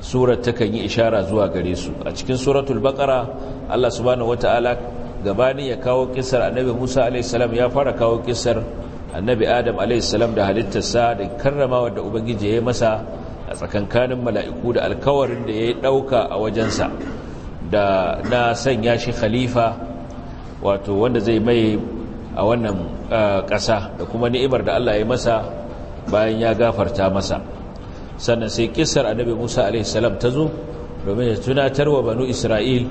S1: surar kan yi ishara zuwa gare su a cikin suratul bakara Allah subhanahu wataala gabanin ya kawo ƙisar annabi Musa alaihi ya fara kawo kisar annabi Adam alaihi salam da halittarsa da karramawa da ubangiji ya yi masa a tsakankanin mala'iku da alkawarin da ya yi ɗauka a wajensa da na sanya shi khalifa wato wanda zai mai a wannan ƙasa da kuma ni'imar da Allah ya masa bayan ya gafarta masa sannan sai kissar annabi Musa alaihissalam ta zo domin ya tunatar wa banu Isra'il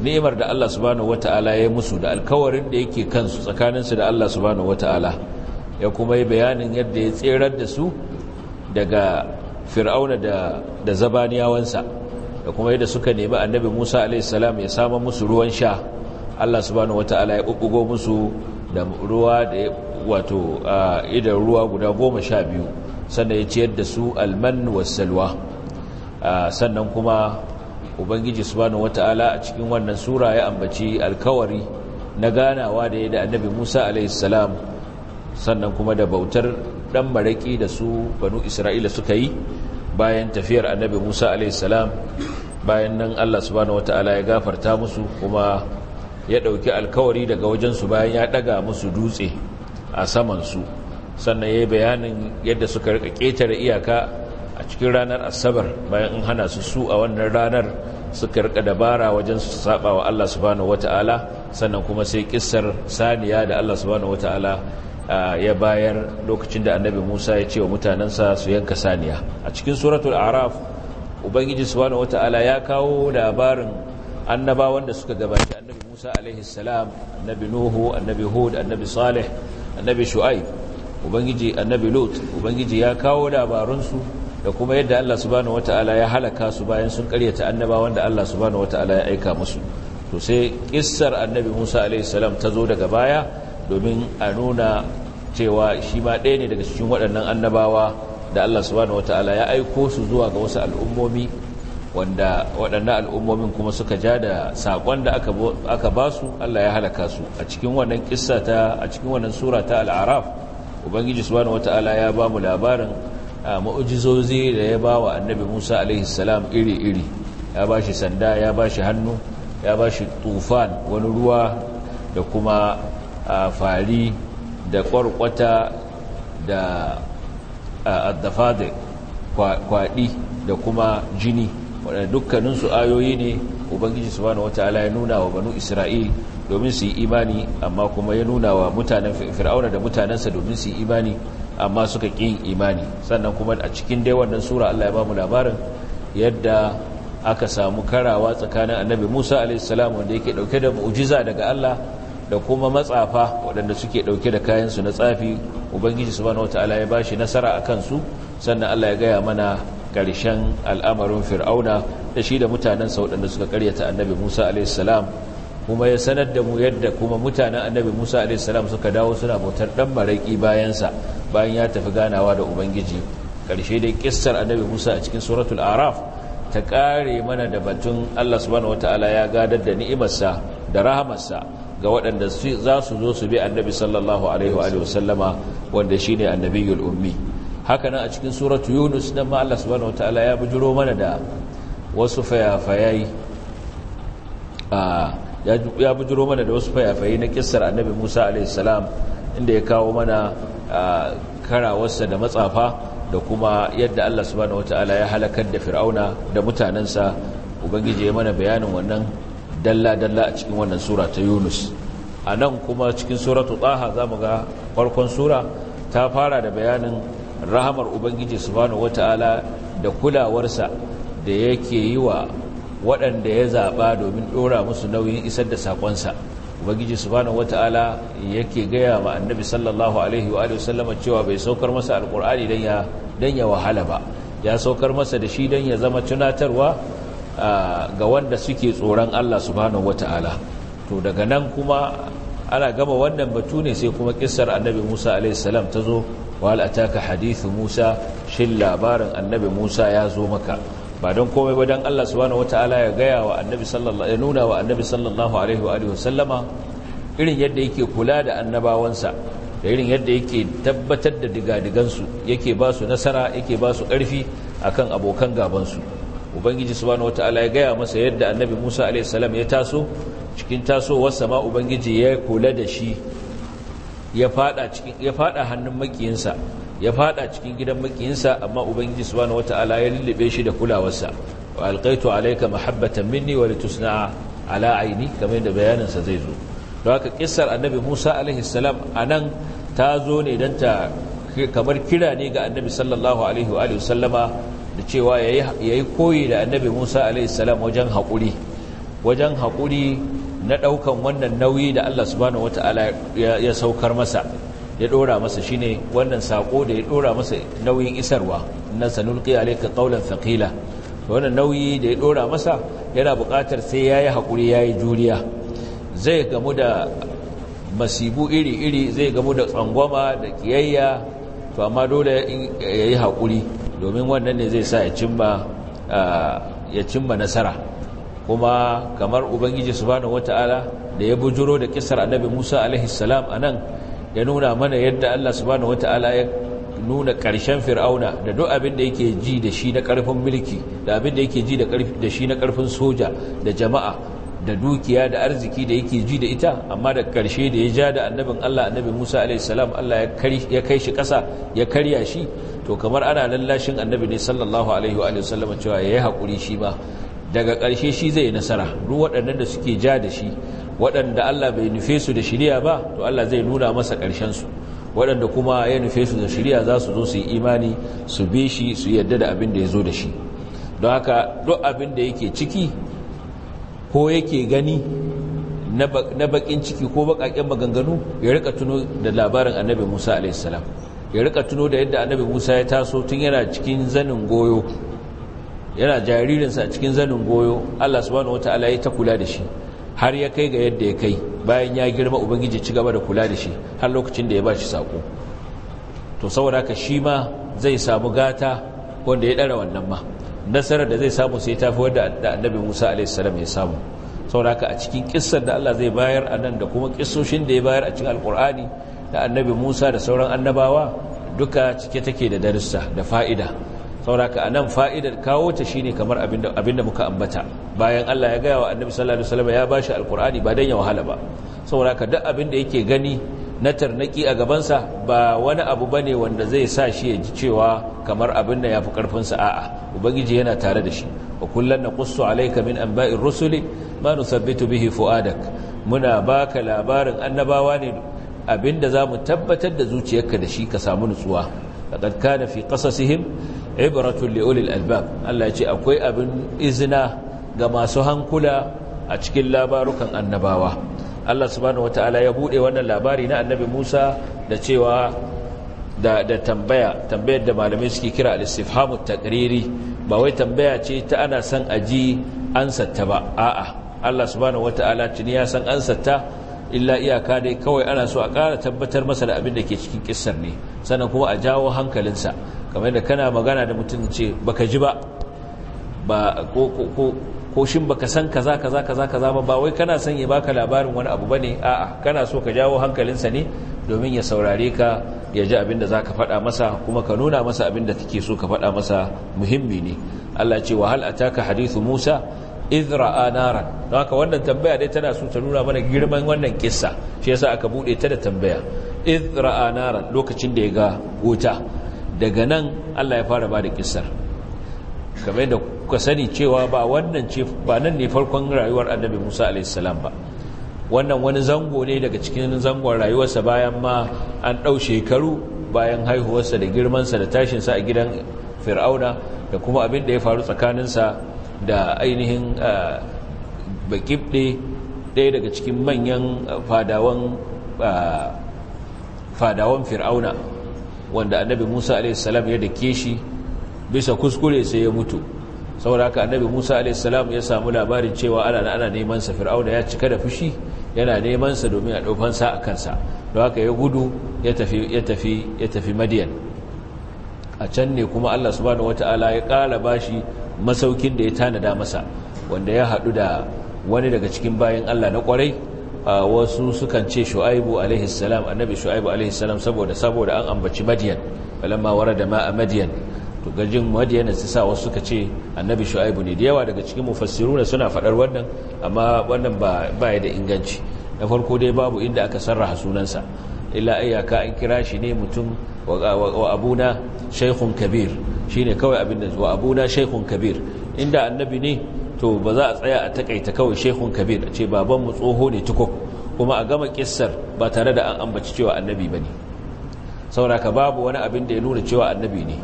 S1: ni'imar da Allah subhanahu wata'ala ya musu da alkawarin da yake kansu tsakaninsu da Allah subhanahu wata'ala ya kuma yi bayanin yadda ya tserar da su daga fir'auna da zabaniyawansa da kuma yadda suka nemi annabi Musa a.s. ya sama musu ruwan sha Allah subhanahu wata'ala ya bubbugo musu da ruwa da wato idan ruwa guda goma sha biyu sannan ya ciyar da su alman wasalwa sannan kuma ubangiji subhanahu wata'ala a cikin wannan sura ya ambaci alkawari na ganawa da ya da annabi musa a.s. sannan kuma da bautar dan maraki da su banu isra'ila suka yi bayan tafiyar annabi musa a.s. bayan nan allah subhanahu wata'ala ya gafarta musu kuma ya ɗauki alkawari daga wajensu bayan ya ɗaga musu dutse a samansu sannan ya yi bayanin yadda suka rika ƙetare iyaka a cikin ranar asabar bayan in hana su su a wannan ranar suka rika dabara wajen su saba wa Allah subhanahu wata'ala sannan kuma sai kissar saniya da Allah subhanahu wata'ala ya bayar lokacin da annabi Musa ya ce wa mutanensa su yanka saniya a cikin suratul araf ubangiji subhanahu wata'ala ya kawo labarin annabawan da suka gabata. annabi Musa alaihi salam annabi Nuhu annabi Hud annabi Salih annabi Shu'aib ubangiji annabi Lut ubangiji ya kawo labarun da kuma yadda Allah subhanahu wataala ya halaka su bayan sun karyata annabawan da Allah subhanahu wataala ya aika musu to sai kissar annabi Musa alaihi salam ta zo daga baya domin a nuna cewa shi ma ɗaya ne daga cikin waɗannan annabawa da Allah subhanahu wataala ya aiko su zuwa ga wasu al'ummomi wanda waɗannan al'ummomin kuma suka ja da saƙon da aka ba su Allah ya halaka su a cikin wannan kissa ta a cikin wannan sura ta al'araf ubangiji subhanahu wata'ala ya ba mu labarin ma'ujizozi da ya ba wa annabi musa alaihi iri-iri ya ba shi sanda ya ba shi hannu ya ba shi tufan wani ruwa da kuma fari da kwarkwata da addafadai kwaɗi da kuma jini waɗanda dukkaninsu ayoyi ne ubangiji su wata wata'ala ya nuna wa banu isra'il domin su yi imani amma kuma ya nuna wa mutanen fir'auna da mutanensa domin su yi imani amma suka ƙi imani sannan kuma a cikin dai wannan sura Allah ya ba mu labarin yadda aka samu karawa tsakanin annabi Musa alaihissalam wanda yake dauke da mu'jiza daga Allah da kuma matsafa waɗanda suke dauke da kayansu na tsafi ubangiji subhanahu wataala ya bashi nasara akan su sannan Allah ya gaya mana ƙarshen al'amarin fir'auna da shi da mutanensa waɗanda suka karyata annabi musa a.s. kuma ya sanar da mu yadda kuma mutanen annabi musa a.s. suka dawo suna bautar ɗan maraƙi bayansa bayan ya tafi ganawa da ubangiji ƙarshe dai ƙissar annabi musa a cikin suratul araf ta ƙare mana da batun allah subhanahu wataala ya gadar da ni'imarsa da rahamarsa ga waɗanda za su zo su bi annabi sallallahu alaihi wa sallama wanda shine annabiyul ummi haka nan a cikin suratu yunus nan ma Allah subhanahu ta'ala ya bujuro mana da wasu ya bujiro mana da wasu fayafayai na kissar annabi musa alaihissalam inda ya kawo mana karawarsa da matsafa da kuma yadda Allah subhanahu ta'ala ya halakar da fir'auna da mutanensa ubangiji ya mana bayanin wannan dalla-dalla a cikin wannan sura ta yunus a nan kuma cikin suratu tsaha zamu ga farkon sura ta fara da bayanin rahamar ubangiji subhanahu wataala da kulawarsa da yake yi wa waɗanda ya zaɓa domin ɗora musu nauyin isar da saƙonsa ubangiji subhanahu wataala yake gaya wa annabi sallallahu alaihi wa sallama cewa bai saukar masa alƙur'ani don ya wahala ba ya saukar masa da shi don ya zama tunatarwa ga wanda suke tsoron Allah subhanahu wataala to daga nan kuma ana gama wannan batu ne sai kuma kissar annabi Musa alaihi ta zo wal ataka hadithu musa shin labarin annabi musa ya zo maka ba don komai ba don Allah subhanahu wataala ya gaya wa annabi sallallahu ya nuna wa annabi sallallahu alaihi wa alihi wasallama irin yadda yake kula da annabawansa da irin yadda yake tabbatar da digadigansu yake ba su nasara yake ba su ƙarfi akan abokan gabansu ubangiji subhanahu wataala ya gaya masa yadda annabi Musa alaihi salam ya taso cikin tasowarsa ma ubangiji ya kula da shi ya fada hannun makiyinsa ya fada cikin gidan makiyinsa amma ubangiji subhanahu wataala ya lullube shi da kulawarsa wa alqaitu alayka mahabbatan minni wa litusna'a ala aini kamar yadda bayanin sa zai zo don haka kissar annabi Musa alaihi salam anan ta zo ne dan ta kamar kira ne ga annabi sallallahu alaihi wa sallama da cewa yayi koyi da annabi Musa alaihi salam wajen haƙuri wajen haƙuri na ɗaukan wannan nauyi da Allah subhanahu wata'ala ya saukar masa ya ɗora masa shine wannan saƙo da ya ɗora masa nauyin isarwa na sanulqi alayka qawlan thaqila wannan nauyi da ya ɗora masa yana buƙatar sai yayi hakuri yayi juriya zai gamu da masibu iri-iri zai gamu da tsangwama da kiyayya to amma dole ya yi haƙuri domin wannan ne zai sa ya cimma ah, nasara kuma kamar ubangiji subhanahu wataala da ya bujuro da kisar annabi Musa alaihi salam anan ya nuna mana yadda Allah subhanahu wataala ya nuna karshen fir'auna da duk abin da yake ji da shi na karfin mulki da abin da yake ji da shi na karfin soja da jama'a da dukiya da arziki da yake ji da ita amma da karshe da ya ja da annabin Allah annabi Musa salam Allah ya kai shi kasa ya karya shi to kamar ana lallashin annabi ne sallallahu alaihi wa sallam cewa ya yi haƙuri shi ba daga ƙarshe shi zai yi nasara duk waɗannan da suke ja da shi waɗanda Allah bai nufe su da shirya ba to Allah zai nuna masa su. waɗanda kuma ya nufe su da shirya za su zo su yi imani su bi shi su yadda da abin da ya zo da shi don haka duk abin da yake ciki ko yake gani na bakin ciki ko baƙaƙen maganganu ya rika tuno da labarin annabi musa alaihissalam ya rika tuno da yadda annabi musa ya taso tun yana cikin zanin goyo yana jaririnsa a cikin zanin goyo Allah subhanahu wata ya ta kula da shi har ya kai ga yadda ya kai bayan ya girma ubangiji ci gaba da kula da shi har lokacin da ya ba shi saƙo. to saboda haka shi ma zai samu gata wanda ya ɗara wannan ma nasarar da zai samu sai tafi wadda annabi Musa a.s. ya samu saboda haka a cikin kisar da Allah zai bayar a nan da kuma kisoshin da ya bayar a cikin alkur'ani da annabi Musa da sauran annabawa duka cike take da darussa da fa'ida sauraka nan fa'idar kawo ta shi ne kamar abinda da muka ambata bayan Allah ya gaya wa Annabi sallallahu alaihi wasallam ya bashi alkur'ani ba dan ya wahala ba sauraka duk abin abinda yake gani na tarnaki a gabansa ba wani abu ba ne wanda zai sa shi ya ji cewa kamar abin da yafi karfin sa a'a ubangiji yana tare da shi wa na kusso alaika min ba'in rusuli ma nusabbitu bihi fuadak muna baka labarin annabawa ne abinda mu tabbatar da zuciyarka da shi ka samu nutsuwa laqad kana fi qasasihim ibratun li'ulil albab Allah ce akwai abin izina ga masu hankula a cikin labarukan annabawa Allah subhanahu wata'ala ya bude wannan labari na annabi Musa da cewa da da tambaya tambayar da malamai suke kira al-istifhamu taqriri ba wai tambaya ce ta ana san aji ansarta ba a'a Allah subhanahu wata'ala tuni ya san ansarta illa iyaka dai kawai ana so a ƙara tabbatar masa da abin da ke cikin kissar ne sannan kuma a jawo hankalinsa kamar da kana magana da mutum ce baka ji ba ko shin baka san kaza kaza kaza kaza ba ba wai kana son ya baka labarin wani abu bane a'a kana so ka jawo hankalinsa ne domin ya saurare ka ya ji abin da zaka faɗa masa kuma ka nuna masa abin da kake so ka faɗa masa muhimmi ne Allah ce wa hal ataka hadithu Musa idh ra'a naran haka wannan tambaya dai tana so ta nuna mana girman wannan kissa shi yasa aka bude ta da tambaya idh ra'a lokacin da ya ga wuta daga nan Allah ya fara ba da kisar kamar da kuka sani cewa ba wannan ce ba nan ne farkon rayuwar annabi Musa alaihissalam ba wannan wani zango ne daga cikin zangon rayuwarsa bayan ma an ɗau shekaru bayan haihuwarsa da girmansa da tashinsa a gidan fir'auna da kuma abin da ya faru tsakaninsa da ainihin bakibɗe ɗaya daga cikin manyan fadawan fir'auna wanda annabi musa alaihissalam ya dake shi bisa kuskure sai ya mutu saboda haka annabi musa alaihissalam ya samu labarin cewa ana na ana neman sa fir'auna ya cika da fushi yana neman sa domin a ɗaukan sa a kansa don haka ya gudu ya tafi ya tafi madiyan a can ne kuma allah wata wataala ya ƙara bashi masaukin da ya tanada masa wanda ya haɗu da wani daga cikin bayan allah na kwarai. wasu sukan ce shu'aibu alaihi salam annabi shu'aibu alaihi salam saboda saboda an ambaci madiyan balamma warada ma a madiyan to gajin madiyan su sa wasu suka ce annabi shu'aibu ne da yawa daga cikin mufassiruna suna faɗar wannan amma wannan ba ya da inganci na farko dai babu inda aka sarraha sunansa illa ayyaka an kira shi ne mutum wa abuna shaykhun kabir shine kawai abin da wa abuna shaykhun kabir inda annabi ne to ba za a tsaya a takaita kawai shehun kabir a ce babanmu tsoho ne tuko kuma a gama kissar ba tare da an ambaci cewa annabi ba ne sauraka babu wani abin da ya nuna cewa annabi ne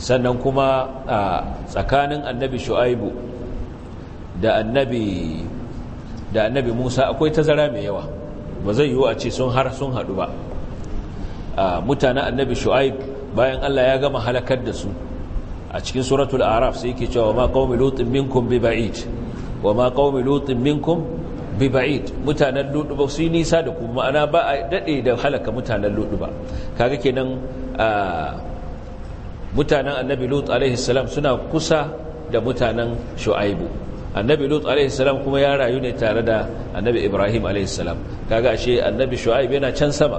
S1: sannan kuma a tsakanin annabi shu'aibu da annabi musa akwai tazara mai yawa ba zai yiwu a ce sun har sun haɗu ba mutanen annabi shu'aib bayan allah ya gama halakar da su a cikin suratul araf sai yake cewa ma qaumi lutin minkum bi ba'id wa ma qaumi lutin minkum bi ba'id mutanen lutu ba su nisa da kuma ma'ana ba a dade da halaka mutanen lutu ba kaga kenan mutanen annabi lut alaihi salam suna kusa da mutanen shu'aibu annabi lut alaihi salam kuma ya rayu ne tare da annabi ibrahim alaihi salam kaga ashe annabi shu'aib yana can sama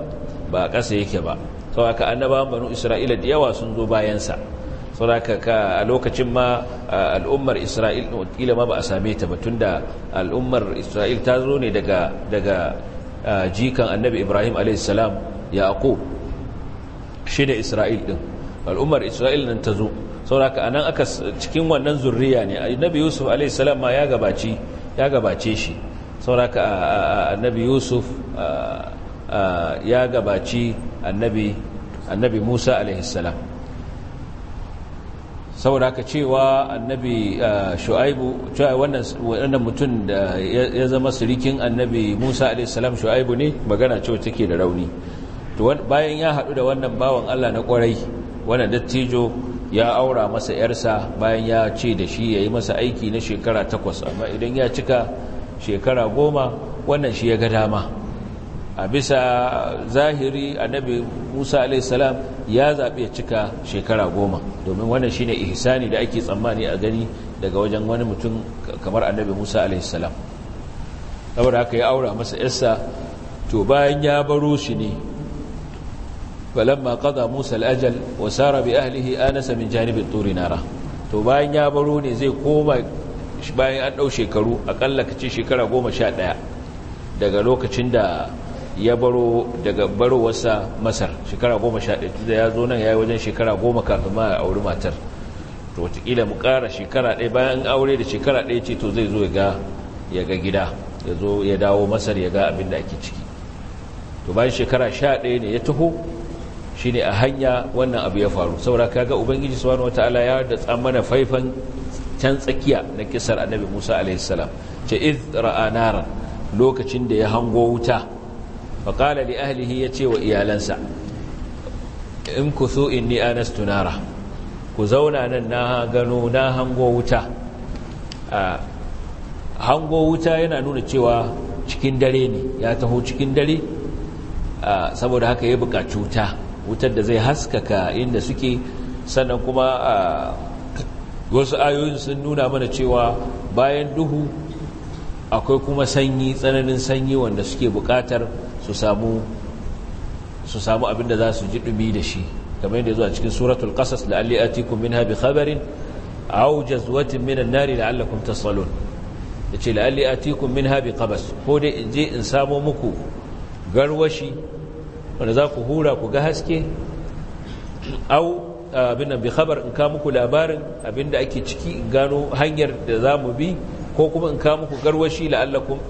S1: ba ƙasa yake ba saboda annabawan banu isra'ila da yawa sun zo bayansa. sa sauraka ka a lokacin ma al'ummar isra'il ila ma ba a same ta batun da al'ummar isra'il ta zo ne daga jikan annabi ibrahim a.s. aku shi da isra'il din al'ummar isra'il nan ta zo sauraka a nan aka cikin wannan zurriya ne annabi yusuf a.s. ma ya gabace shi a annabi yusuf ya gabaci annabi musa a.s. saboda haka cewa annabi uh, shu'aibu wannan mutum da ya zama sirikin annabi musa alaihissalam shu'aibu ne magana cewa take da rauni bayan ya haɗu da wannan bawan allah na ƙwarai wannan dattijo ya aura masa yarsa bayan ya ce da shi ya yi masa aiki na shekara takwas amma idan ya cika shekara goma wannan shi ya ga dama a bisa zahiri annabi musa alaihissalam ya zaɓi ya cika shekara goma domin wannan shine ihsani da ake tsammani a gani daga wajen wani mutum kamar annabi musa alaihissalam saboda haka ya aura masa yarsa to bayan ya baro shi ne ma kada musa alajal wa sara bi ahlihi anasa min janibin turi nara to bayan ya baro ne zai koma bayan an ɗau shekaru ka ce shekara goma sha ɗaya daga lokacin da ya baro daga barowarsa masar shekara goma sha ɗaya da ya zo nan ya yi wajen shekara goma kafin ma a auri matar to watakila mu ƙara shekara ɗaya bayan aure da shekara ɗaya ce to zai zo ya ga gida ya zo ya dawo masar ya ga abin da ake ciki to bayan shekara sha ɗaya ne ya taho shi ne a hanya wannan abu ya faru ka ga ubangiji subhanahu wataala ya da tsammana faifan can tsakiya na kisar annabi musa a.s. ce iz ra'a lokacin da ya hango wuta faƙala alihi ya ce wa iyalansa in ku so in ni anastu ku zauna nan na gano na hango wuta hango wuta yana nuna cewa cikin dare ne ya taho cikin dare saboda haka ya buƙaci wuta wutar da zai haskaka inda suke sannan kuma wasu ayoyin sun nuna mana cewa bayan duhu akwai kuma sanyi tsananin sanyi wanda suke buƙatar su samu abinda za su ji ɗumi da shi kamar yadda zuwa cikin suratul qasas la'alli atikum minha bi khabarin minan nari la'alli ko dai in je in samo muku garwashi wanda za ku hura ku ga haske aw abin bi khabar in ka muku labarin abinda ake ciki in gano hanyar da za mu bi ko kuma in ka muku garwashi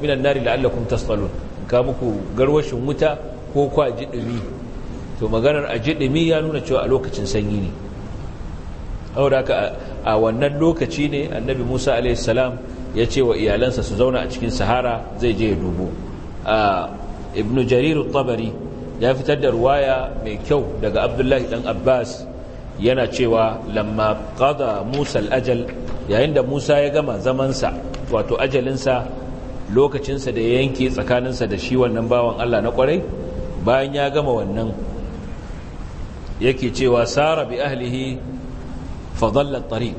S1: minan nari ka muku garwashin wuta ko kwa ji to maganar a ji ya nuna cewa a lokacin sanyi ne haka a wannan lokaci ne annabi musa alaihissalam ya ce wa iyalansa su zauna a cikin sahara zai je ya dubo ibn Jariru tabari ya fitar da ruwaya mai kyau daga abdullahi dan abbas yana cewa lamma qada musa al-ajal yayin da musa ya gama zamansa wato ajalinsa lokacinsa da ya yanke tsakaninsa da shi wannan bawan Allah na kwarai bayan ya gama wannan yake cewa sara bi ahlihi fadallar tariq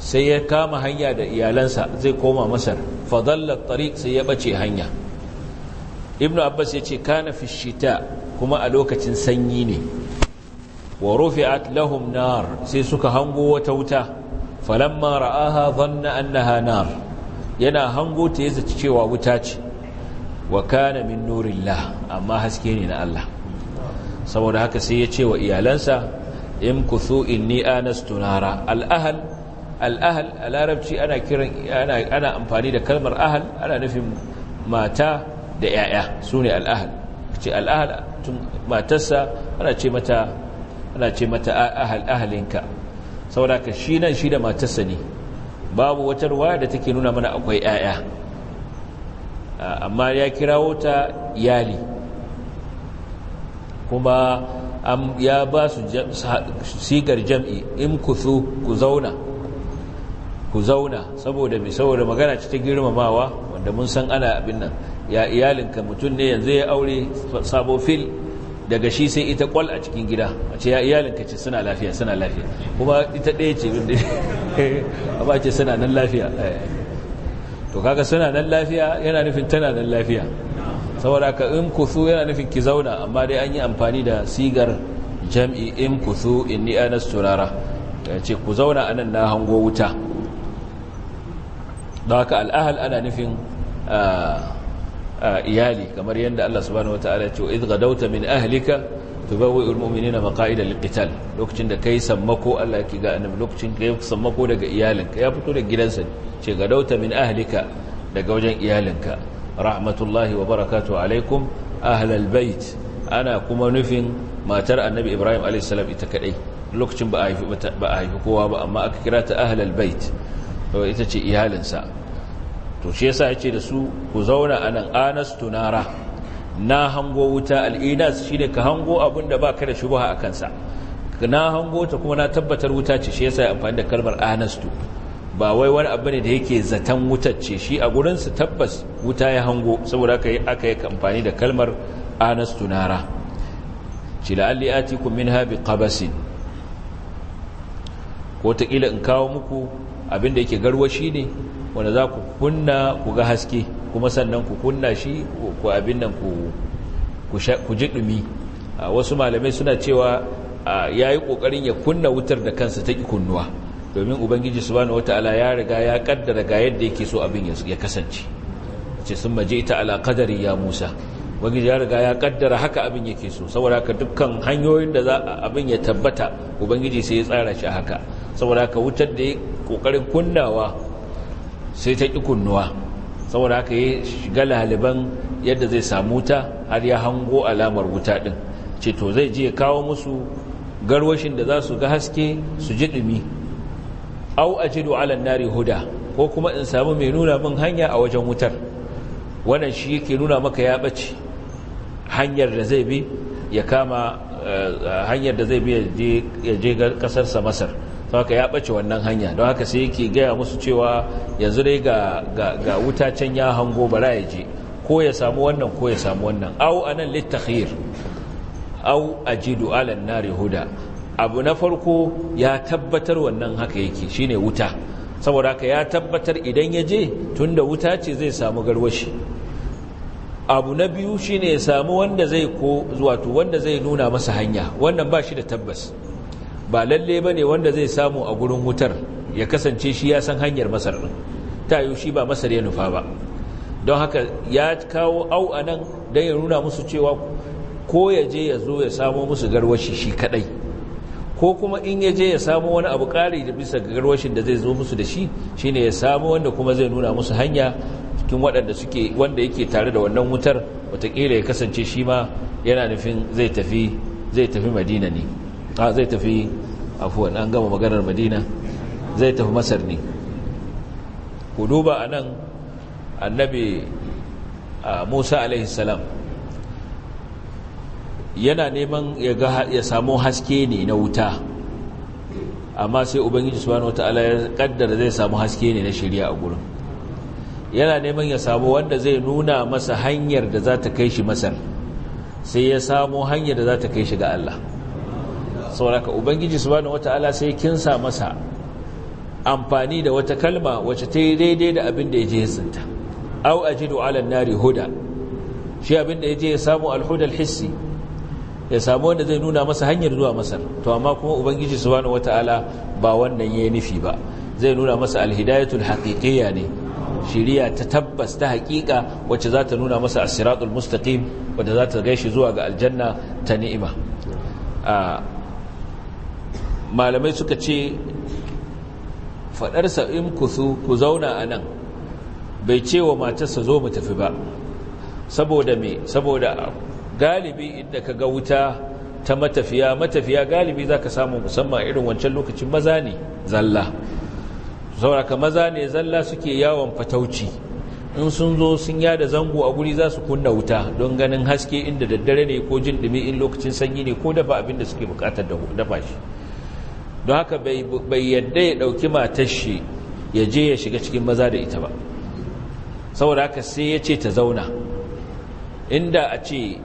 S1: sai ya kama hanya da iyalansa zai koma masar fadallar tariq sai ya bace hanya ibnu abbas ya ce kana fi shita kuma a lokacin sanyi ne wa rufi'at lahum nar sai suka hango wata wuta falamma ra'aha dhanna annaha nar yana hango ta ya zaci cewa wuta ce wa kana min nurillah amma haske ne na Allah saboda haka sai ya ce wa iyalansa imkuthu inni anastu nara al-ahl al-ahl a larabci ana kiran ana amfani da kalmar ahl ana nufin mata da yaya sune al-ahl ce al-ahl matarsa ana ce mata ana ce mata ahl ahlinka saboda haka shi nan shi da matarsa ne babu wata ruwa da take nuna mana akwai 'ya'ya amma ya kirawo ta yali kuma ya ba su sigar jam'i in ku zauna ku zauna saboda mai saboda magana ce ta girmamawa wanda mun san ana abin nan ya iyalinka mutum ne yanzu ya aure sabo fil daga shi sai ita kwal a cikin gida a ce ya iyalinka ce suna lafiya suna lafiya kuma ita ɗaya ce ba <laughs> ce suna nan lafiya to kaga suna nan lafiya yana nufin tana nan lafiya saboda ka in kusu yana nufin ki zauna amma dai an yi amfani da sigar jam'i in kusu in ni anas turara ya ce ku zauna a nan na hango wuta don haka al'ahal ana nufin ah, iyali kamar yadda Allah subhanahu wataala ya ce idh gadawta min ahlika tubawwi'u almu'minina maqa'ida liqital lokacin da kai sammako Allah ki ga annabi lokacin kai sammako daga iyalinka ya fito daga gidansa ce gadawta min ahlika daga wajen iyalinka rahmatullahi wa barakatuhu alaikum ahlal bait ana kuma nufin matar annabi Ibrahim alayhi salam ita kadai lokacin ba a haifi kowa ba amma aka kira ta ahlal bait ita ce iyalinsa to shi yasa yace da su ku zauna anan anastu nara na hango wuta al'inas shine ka hango abin da baka da shubha akan sa na hango ta kuma na tabbatar wuta ce shi yasa amfani da kalmar anastu ba wai wani abu ne da yake zaton wuta ce shi a gurin su tabbas wuta ya hango saboda aka yi aka yi amfani da kalmar anastu nara ci la'alli atikum minha bi qabasin ko ta kila in kawo muku abin da yake garwashi ne wanda za ku kunna ku ga haske kuma sannan ku kunna shi ku abin nan ku ji ɗumi wasu malamai suna cewa ya yi ƙoƙarin ya kunna wutar da kansa ta kunnuwa domin ubangiji su subhanahu wata'ala ya riga ya kaddara ga yadda yake so abin ya kasance ce sun maje ta ala ya Musa ubangiji ya riga ya kaddara haka abin yake so saboda haka dukkan hanyoyin da za abin ya tabbata ubangiji sai ya tsara shi haka saboda haka wutar da ya kokarin kunnawa sai ta ƙi kunnuwa saboda haka ya shiga laliban yadda zai samu ta har ya hango alamar wuta ɗin ce to zai je kawo musu garwashin da za su ga haske su ji ɗumi au a ji alan nari huda ko kuma in samu mai nuna min hanya a wajen wutar wannan shi yake nuna maka ya ɓace hanyar da zai bi ya kama eh, hanyar da zai bi ya je ƙasarsa masar sau haka ya ɓace wannan hanya don haka sai yake gaya musu cewa yanzu dai ga wuta can ya hango bara ya je ko ya samu wannan ko ya samu wannan au anan littakhir au ajidu alan nari huda abu na farko ya tabbatar wannan haka yake shine wuta saboda haka ya tabbatar idan ya je tunda wuta ce zai samu garwashi abu na biyu shine ya samu wanda zai ko wato wanda zai nuna masa hanya wannan ba shi da tabbas ba lalle ba ne wanda zai samu a gurin wutar ya kasance shi ya san hanyar masar ɗin ta yi shi ba masar ya nufa ba don haka ya kawo au a nan don ya nuna musu cewa ko ya je ya zo ya samo musu garwashi shi kadai ko kuma in ya je ya samo wani abu kari da bisa garwashin da zai zo musu da shi shine ya samo wanda kuma zai nuna musu hanya cikin waɗanda suke wanda yake tare da wannan wutar watakila ya kasance shi ma yana nufin zai tafi madina ne zai tafi afuwan an gama maganar madina zai tafi masar ne ku duba a nan annabi musa alaihissalam yana neman ya samu haske ne na wuta amma sai ubangiji subhanahu wataala ya kaddara zai samu haske ne na shirya a gurin yana neman ya samu wanda zai nuna masa hanyar da za ta kai shi masar sai ya samu hanyar da za ta kai shi ga Allah sauraka ubangiji subhanahu wataala sai kinsa masa amfani da wata kalma wacce ta yi daidai da abin da ya je tsinta au ajidu ala nari huda shi abin da ya je ya samu alhudal hissi ya samu wanda zai nuna masa hanyar zuwa masar to amma kuma ubangiji subhanahu wataala ba wannan yayi nufi ba zai nuna masa alhidayatul haqiqiyya ne shiriya ta tabbas ta haƙiƙa wacce za ta nuna masa asiratul mustaqim wadda za ta gaishe zuwa ga aljanna ta ni'ima ah, malamai suka ce faɗarsa in kusu ku zauna a nan bai ce wa matarsa zo mu tafi ba saboda me saboda galibi inda ka ga wuta ta matafiya matafiya galibi za ka samu musamman irin wancan lokacin maza ne zalla sauraka maza ne zalla suke yawon fatauci in sun zo sun yada zango a guri za su kunna wuta don ganin haske inda daddare ne ko jin ɗumi in lokacin sanyi ne ko dafa abin da suke bukatar dafa shi don haka bai yadda ya ɗauki matar shi ya je ya shiga cikin maza da ita ba saboda haka sai ya ce ta zauna inda a ce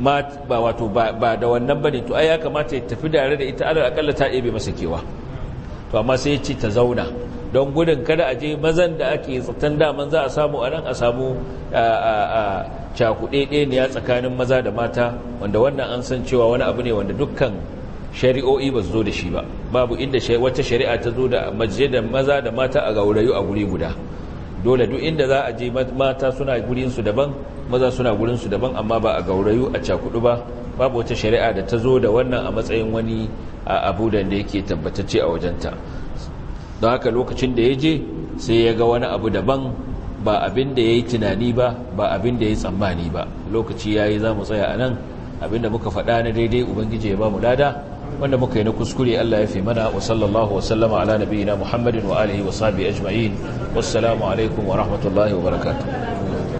S1: ba wato ba da wannan bane to ai ya kamata ya tafi dare da ita alal akalla ta ebe masa kewa to amma sai ya ce ta zauna don gudun kada a je mazan da ake tsattan daman za a samu a nan a samu cakuɗe ɗaya ne ya tsakanin maza da mata wanda wannan an san cewa wani abu ne wanda dukkan shari'o'i ba su zo da shi ba babu inda wata shari'a ta zo da majiyar da maza da mata a gaurayu a guri guda dole duk inda za a je mata suna gurinsu daban maza suna gurinsu daban amma ba a gaurayu a cakudu ba babu wata shari'a da ta zo da wannan a matsayin wani a abu da yake tabbatacce a wajenta don haka lokacin da ya je sai ya ga wani abu daban ba abin da ya yi tunani ba ba abin da ya yi tsammani ba lokaci ya yi za mu tsaya a nan abin da muka faɗa na daidai ubangiji ya ba mu lada wanda muka yi na kuskure Allah ya fi mana wa sallallahu wa ala nabiyina Muhammadin wa alihi wa sahbihi ajma'in wassalamu alaikum wa rahmatullahi wa
S3: barakatuh